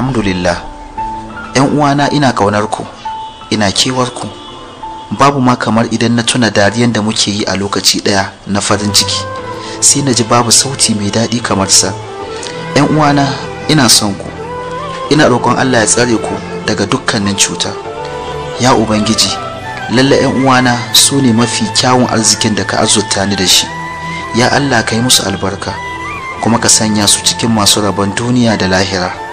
alhamdulillah yan uwana ina kaunar ku ina kewar ku babu ma kamar idan na tuna dariyan da muke yi a lokaci ɗaya na farin ciki sai na ji babu sauti mai daɗi kamar sa yan uwana ina son ku ina roƙon Allah ya tsare ku daga dukkanin cuta ya ubangiji lalle yan uwana su ne mafi kyawun arzikin da ka azurta ni da shi ya Allah ka yi musu albarka kuma ka sanya su cikin masu rabon duniya da lahira